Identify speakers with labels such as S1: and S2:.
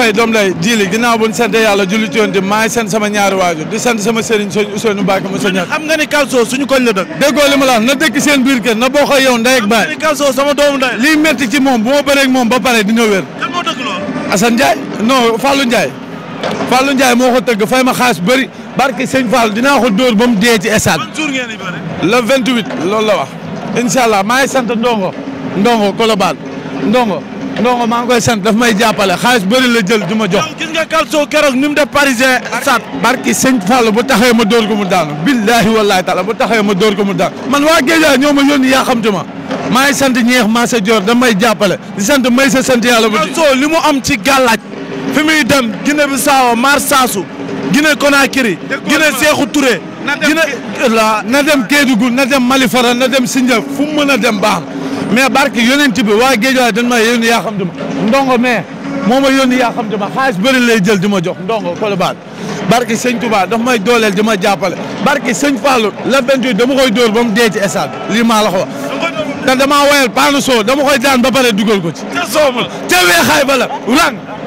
S1: fay doom lay jili ginnaaw bu ñu sant yàlla julli ci yoon di maa ngi sant sama ñaari waajur di sant sama sëriñ sëñ Ousseynou Mbacke ma sëñ xam nga ni Kalso suñu koñ la dëkk déggoo li ma la na dëkk seen biir kër na boo ko yow ndey ak baay xam nga ni Kalso sama doomu ndey lii metti ci moom bu ma bëree ak moom ba pare dina wér kan moo dëgg lool Assane Ndiaye non Fallou Ndiaye Fallou Ndiaye moo ko tëgg fay ma xaas bëri barke sëñ Fall dinaa ko dóor ba mu dee ci estade le 28 loolu la wax incha allah maa ngi sant Ndongo Ndongo Colobane Ndongo ndongo maa ngi koy sant daf may jàppale xaalis bëri la jël du ma jox. gis nga Kalso keroog ni mu def parisien sat barki sëñ Fall bu taxee ma dóor ko mu daanu billahi wallahi taala bu taxee ma dóor ko mu daanu man waa Géeja ñoo ma yónni yaa xamtu ma maa ngi sant ñeex maa sa joor daf may jàppale di sant may sa sant yàlla bu Kalso li mu am ci gàllaaj fi muy dem Guinée Bissau Marsasou Guinée Conakry Guinée seexu ture dina na dem Kédougou na dem Malifara na dem Sindia fu mu mën a dem baax mais barke yonent bi waa Géejawaay dañ ma yónni yaa xam dama ndongo mais moo ma yónni yaa xam dama xaalis bëri lay jël di ma jox ndongo Colobane barke sëñ Touba daf may dooleel di ma jàppale barke sëñ Fallou la 28 dama koy dóor ba mu dee ci lii maa la ko da te damaa woyal paanu soo dama koy daan ba pare dugal ko ci. te soo ma te weexaay ba la